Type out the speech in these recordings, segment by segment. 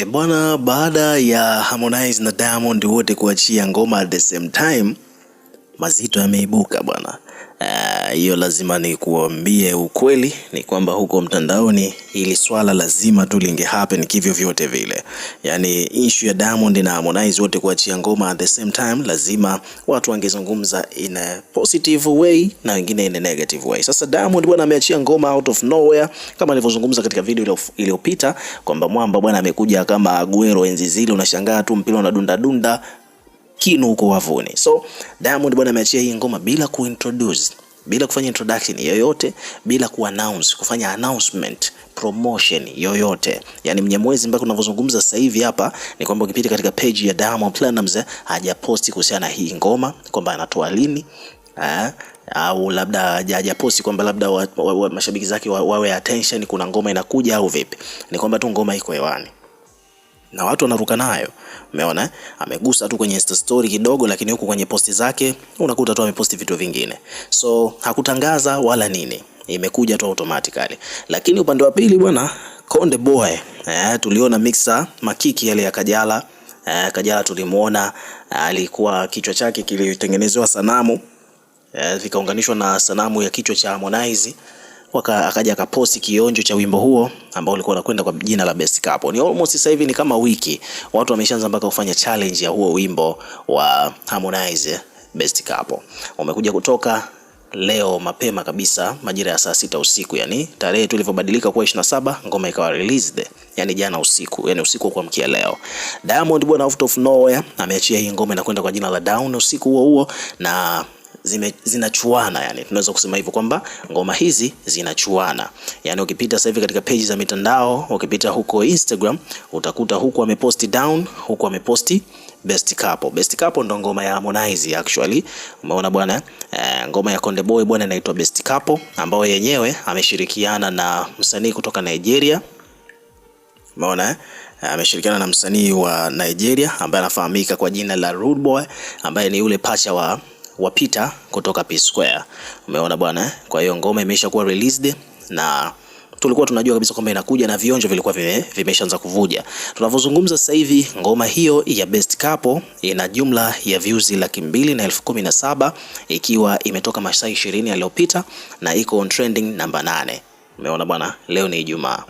E bwana, baada ya Harmonize na Diamond wote kuachia ngoma at the same time, mazito yameibuka bwana. Eh, hiyo lazima ni kuambie ukweli ni kwamba huko mtandaoni ili swala lazima tu linge happen kivyo vyote vile. Yani issue ya Diamond na Harmonize wote kuachia ngoma at the same time, lazima watu wangezungumza in a positive way na wengine in a negative way. Sasa Diamond bwana ameachia ngoma out of nowhere, kama nilivyozungumza katika video iliyopita kwamba mwamba bwana amekuja kama Aguero enzi zile, unashangaa tu mpira unadunda dunda kinu huko wavuni. So Diamond bwana ameachia hii ngoma bila kuintroduce bila kufanya introduction yoyote, bila ku announce, kufanya announcement promotion yoyote. Yani Mnyamwezi mpaka tunavyozungumza sasa hivi hapa ni kwamba ukipita katika page ya Diamond Platnumz eh, hajaposti kuhusiana na hii ngoma kwamba anatoa lini eh, au labda hajaposti kwamba labda wa, wa, wa, mashabiki zake wawe wa attention kuna ngoma inakuja au vipi. Ni kwamba tu ngoma iko hewani na watu wanaruka nayo, umeona Amegusa tu kwenye Insta story kidogo, lakini huko kwenye posti zake unakuta tu ameposti vitu vingine, so hakutangaza wala nini, imekuja tu automatically. Lakini upande wa pili bwana Konde Boy eh, tuliona mixer makiki yale ya Kajala eh, Kajala tulimuona alikuwa kichwa chake kilitengenezewa sanamu eh, vikaunganishwa na sanamu ya kichwa cha Harmonize waka akaja akaposti kionjo cha wimbo huo ambao ulikuwa unakwenda kwa jina la Best Couple. Ni almost sasa hivi ni kama wiki watu wameshaanza mpaka kufanya challenge ya huo wimbo wa Harmonize Best Couple. Umekuja kutoka leo mapema kabisa majira ya saa sita usiku, yani tarehe tulivyobadilika kuwa 27 ngoma ikawa released, yani jana usiku, yani usiku wa kuamkia leo. Diamond bwana out of nowhere ameachia hii ngoma na kwenda kwa jina la Down usiku huo huo na zinachuana yani, tunaweza kusema hivyo kwamba ngoma hizi zinachuana yani. Ukipita sasa hivi katika page za mitandao, ukipita huko Instagram utakuta huku ameposti down, huku ameposti best couple. Best couple ndo ngoma ya Harmonize actually, umeona bwana e, ngoma ya Konde Boy bwana inaitwa best couple, ambayo yenyewe ameshirikiana na msanii kutoka Nigeria, umeona eh, ameshirikiana na msanii wa Nigeria ambaye anafahamika kwa jina la Rude Boy ambaye ni yule pacha wa wapita kutoka P Square. Umeona bwana, kwa hiyo ngoma imeshakuwa released na tulikuwa tunajua kabisa kwamba inakuja na vionjo vilikuwa vimeshaanza kuvuja. Tunavyozungumza sasa hivi ngoma hiyo ya Best Couple ina jumla ya views laki mbili na elfu kumi na saba ikiwa imetoka masaa ishirini yaliyopita na iko on trending namba nane. Umeona bwana, leo ni Ijumaa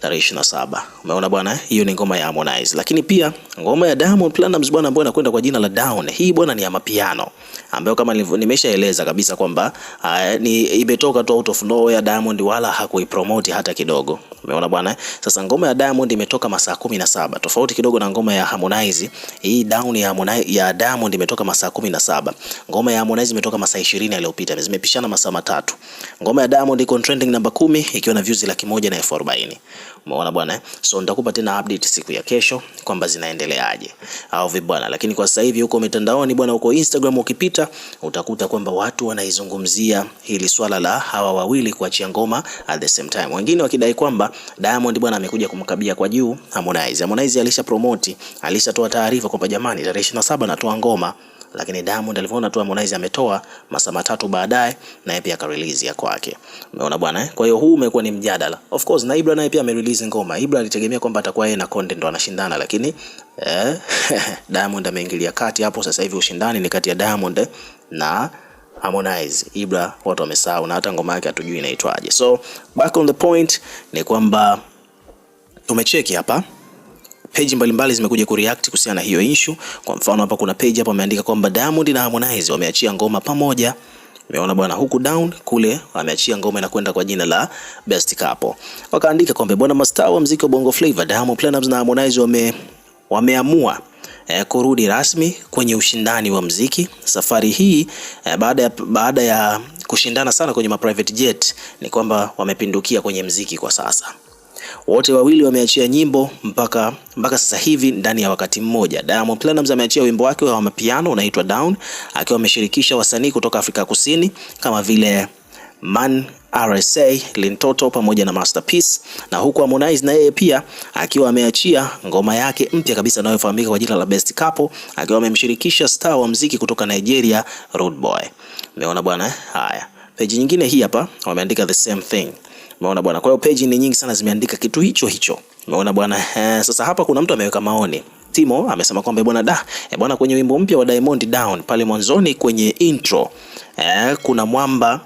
tarehe 27. Umeona bwana, hiyo ni ngoma ya Harmonize, lakini pia ngoma ya Diamond Platnumz bwana, ambayo inakwenda kwa jina la Down. Hii bwana ni ya mapiano ambayo kama nimeshaeleza kabisa kwamba ah, ni imetoka tu out of nowhere. Diamond wala hakuipromote hata kidogo. Umeona bwana, sasa ngoma ya Diamond imetoka masaa kumi na saba tofauti kidogo na ngoma ya Harmonize. Hii Down ya Harmonize, ya Diamond imetoka masaa kumi na saba ngoma ya Harmonize imetoka masaa ishirini yaliyopita, zimepishana masaa matatu. Ngoma ya Diamond iko trending namba kumi ikiwa na views laki moja na elfu arobaini. Umeona bwana eh? So nitakupa tena update siku ya kesho kwamba zinaendeleaje au vipi bwana, lakini kwa sasa hivi huko mitandaoni bwana, huko Instagram ukipita utakuta kwamba watu wanaizungumzia hili swala la hawa wawili kuachia ngoma at the same time, wengine wakidai kwamba Diamond bwana amekuja kumkabia kwa juu Harmonize. Harmonize alisha promote, alishatoa taarifa kwamba jamani, tarehe 27 natoa ngoma lakini Diamond alivyoona tu Harmonize ametoa masaa matatu baadaye, naye pia akarelease ya kwake. Umeona bwana eh? Kwa hiyo huu umekuwa ni mjadala. Of course na Ibra naye pia amerelease ngoma. Ibra alitegemea kwamba atakuwa yeye na Konde ndo anashindana, lakini eh, Diamond ameingilia kati hapo. Sasa hivi ushindani ni kati ya Diamond na Harmonize. Ibra watu wamesahau, na hata ngoma yake hatujui inaitwaje. So back on the point ni kwamba tumecheki hapa page mbalimbali zimekuja kureact kuhusiana na hiyo issue. Kwa mfano hapa kuna page hapa wameandika kwamba Diamond na Harmonize wameachia ngoma pamoja. Umeona bwana, huku down kule wameachia ngoma inakwenda kwa jina la Best Couple. Wakaandika kwamba bwana, mastaa wa muziki wa Bongo Flava Diamond Platnumz na Harmonize wame wameamua eh, kurudi rasmi kwenye ushindani wa muziki safari hii eh, baada ya, baada ya kushindana sana kwenye ma private jet, ni kwamba wamepindukia kwenye muziki kwa sasa. Wote wawili wameachia nyimbo mpaka mpaka sasa hivi ndani ya wakati mmoja. Diamond Platnumz ameachia wimbo wake wa mapiano unaitwa Down akiwa ameshirikisha wasanii kutoka Afrika Kusini kama vile Man RSA, Lintoto pamoja na Masterpiece, na huku Harmonize na yeye pia akiwa ameachia ngoma yake mpya kabisa inayofahamika kwa jina la Best Couple akiwa amemshirikisha star wa mziki kutoka Nigeria Rude Boy. Umeona bwana, haya peji nyingine hii hapa wameandika the same thing. Umeona bwana. Kwa hiyo page ni nyingi sana zimeandika kitu hicho hicho. Umeona bwana. Eh, sasa hapa kuna mtu ameweka maoni. Timo amesema kwamba bwana da, e, bwana kwenye wimbo mpya wa Diamond Down pale mwanzoni kwenye intro e, kuna mwamba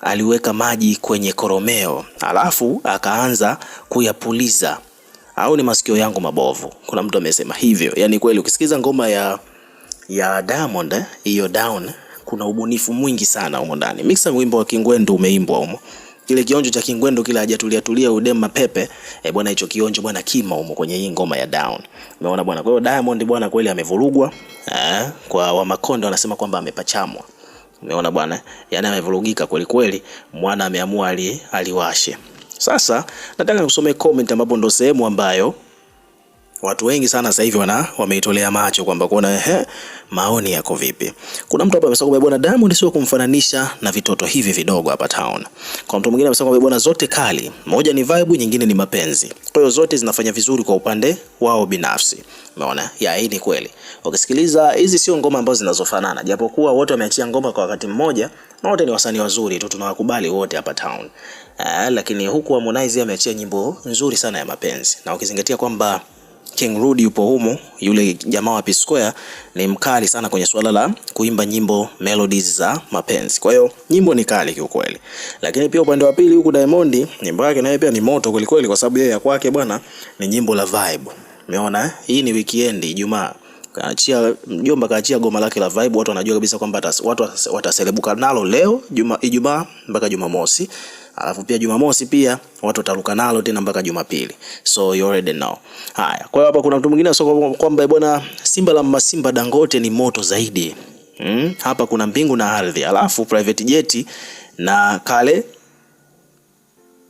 aliweka maji kwenye koromeo alafu akaanza kuyapuliza au ni masikio yangu mabovu? Kuna mtu amesema hivyo. Yani kweli ukisikiza ngoma ya ya Diamond eh, hiyo eh, down kuna ubunifu mwingi sana humo ndani. Mixa wimbo wa Kingwendu umeimbwa humo kile kionjo cha Kingwendo kile hajatulia tulia udema pepe e, eh, bwana hicho kionjo bwana kima humo kwenye hii ngoma ya Down. Umeona bwana, kwa hiyo Diamond bwana kweli amevurugwa eh, kwa Wamakonde wanasema kwamba amepachamwa. Umeona bwana, yani amevurugika kweli kweli, mwana ameamua ali aliwashe. Sasa nataka nikusomee comment ambapo ndo sehemu ambayo watu wengi sana sasa hivi wana wameitolea macho kwamba kuona ehe, maoni yako vipi. Kuna mtu hapa amesema kwamba bwana Diamond sio kumfananisha na vitoto hivi vidogo hapa town. Kwa mtu mwingine amesema kwamba bwana zote kali, moja ni vibe, nyingine ni mapenzi, kwa hiyo zote zinafanya vizuri kwa upande wao binafsi. Umeona ya hii ni kweli, ukisikiliza hizi sio ngoma ambazo zinazofanana, japokuwa wote wameachia ngoma kwa wakati mmoja na wote ni wasanii wazuri tu, tunawakubali wote hapa town. Aa, eh, lakini huku Harmonize ameachia nyimbo nzuri sana ya mapenzi na ukizingatia kwamba King Rudy yupo humo, yule jamaa wa P Square ni mkali sana kwenye suala la kuimba nyimbo melodies za mapenzi. Kwa hiyo nyimbo ni kali kiukweli, lakini pia upande wa pili huku Diamond nyimbo yake naye pia ni moto kwelikweli, kwa sababu yeye ya kwake bwana ni nyimbo la vibe. Umeona, hii ni weekend, Ijumaa kaachia mjomba, kaachia goma lake la vibe. Watu wanajua kabisa kwamba watu wataselebuka nalo leo Ijumaa mpaka Jumamosi alafu pia Jumamosi pia watu wataruka nalo tena mpaka Jumapili, so you already know. Haya, kwa hiyo hapa kuna mtu mwingine asio kwamba bwana Simba la Masimba Dangote ni moto zaidi. Hmm? Hapa kuna mbingu na ardhi, alafu private jeti na kale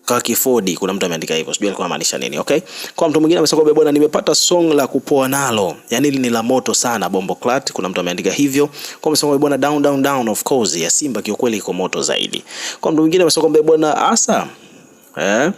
Kakifodi, kuna mtu ameandika hivyo, sijui alikuwa anamaanisha nini. Okay, kwa mtu mwingine amesema kwamba bwana, nimepata song la kupoa nalo, yani ni la moto sana, Bombo Clat. Kuna mtu ameandika hivyo, kwa amesema bwana, down down down, of course ya Simba kiukweli iko moto zaidi. Kwa mtu mwingine amesema kwamba bwana Asa eh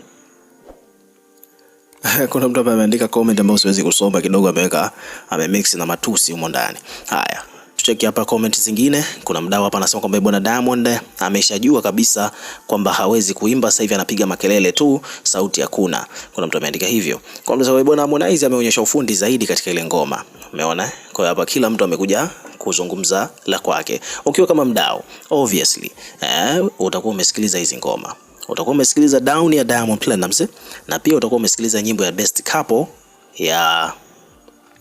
kuna mtu ambaye ameandika comment ambayo siwezi kusoma kidogo, ameweka amemix na matusi humo ndani. Haya tucheki hapa comment zingine. Kuna mdau hapa anasema kwamba eh, bwana Diamond eh, ameshajua kabisa kwamba hawezi kuimba sasa hivi, anapiga makelele tu, sauti hakuna. Kuna mtu ameandika hivyo kwa sababu eh, bwana Harmonize ameonyesha ufundi zaidi katika ile ngoma, umeona. Kwa hiyo hapa kila mtu amekuja kuzungumza la kwake. Ukiwa kama mdau obviously, eh, utakuwa umesikiliza hizi ngoma, utakuwa umesikiliza down ya Diamond Platnumz na pia utakuwa umesikiliza nyimbo ya best couple ya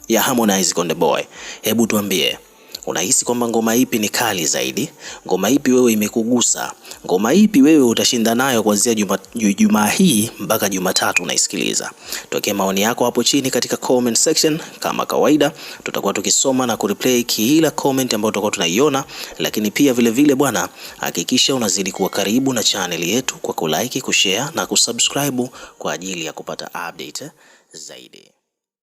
ya Harmonize Konde Boy. Hebu tuambie unahisi kwamba ngoma ipi ni kali zaidi, ngoma ipi wewe imekugusa, ngoma ipi wewe utashinda nayo kuanzia Jumaa juma hii mpaka Jumatatu unaisikiliza. Tuwekee maoni yako hapo chini katika comment section. Kama kawaida, tutakuwa tukisoma na kureplay kila comment ambayo tutakuwa tunaiona, lakini pia vile vile bwana, hakikisha unazidi kuwa karibu na channel yetu kwa kulike, kushare na kusubscribe kwa ajili ya kupata update zaidi.